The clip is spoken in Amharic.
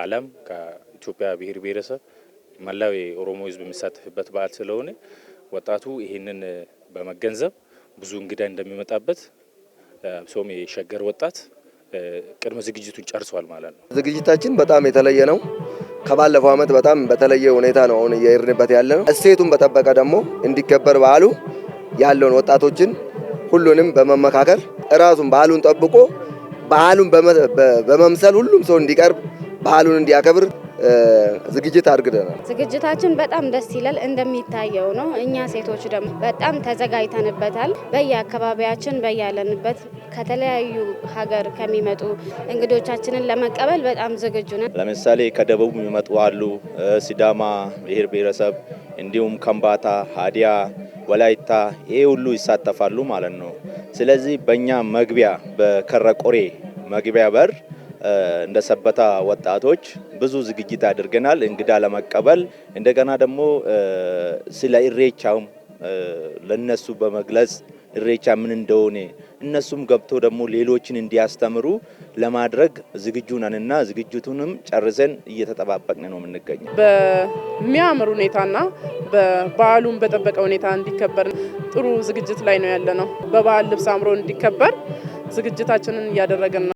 አለም ከኢትዮጵያ ብሔር ብሔረሰብ መላው የኦሮሞ ሕዝብ የሚሳተፍበት በዓል ስለሆነ ወጣቱ ይህንን በመገንዘብ ብዙ እንግዳ እንደሚመጣበት ብሶም የሸገር ወጣት ቅድመ ዝግጅቱን ጨርሷል ማለት ነው። ዝግጅታችን በጣም የተለየ ነው። ከባለፈው ዓመት በጣም በተለየ ሁኔታ ነው አሁን እየሄድንበት ያለ ነው። እሴቱን በጠበቀ ደግሞ እንዲከበር በዓሉ ያለውን ወጣቶችን ሁሉንም በመመካከል እራሱን በዓሉን ጠብቆ በዓሉን በመምሰል ሁሉም ሰው እንዲቀርብ ባህሉን እንዲያከብር ዝግጅት አድርገናል። ዝግጅታችን በጣም ደስ ይላል፣ እንደሚታየው ነው። እኛ ሴቶች ደግሞ በጣም ተዘጋጅተንበታል። በየአካባቢያችን በያለንበት ከተለያዩ ሀገር ከሚመጡ እንግዶቻችንን ለመቀበል በጣም ዝግጁ ነን። ለምሳሌ ከደቡብ የሚመጡ አሉ፣ ሲዳማ ብሔር ብሔረሰብ፣ እንዲሁም ከምባታ፣ ሀዲያ፣ ወላይታ ይሄ ሁሉ ይሳተፋሉ ማለት ነው። ስለዚህ በእኛ መግቢያ በከረቆሬ መግቢያ በር እንደ ሰበታ ወጣቶች ብዙ ዝግጅት አድርገናል እንግዳ ለመቀበል። እንደገና ደግሞ ስለ ኢሬቻውም ለነሱ በመግለጽ ኢሬቻ ምን እንደሆነ እነሱም ገብቶ ደግሞ ሌሎችን እንዲያስተምሩ ለማድረግ ዝግጁ ነንና ዝግጅቱንም ጨርሰን እየተጠባበቅን ነው የምንገኘው። በሚያምር ሁኔታና በበዓሉን በጠበቀ ሁኔታ እንዲከበር ጥሩ ዝግጅት ላይ ነው ያለ ነው። በበዓል ልብስ አምሮ እንዲከበር ዝግጅታችንን እያደረገን ነው።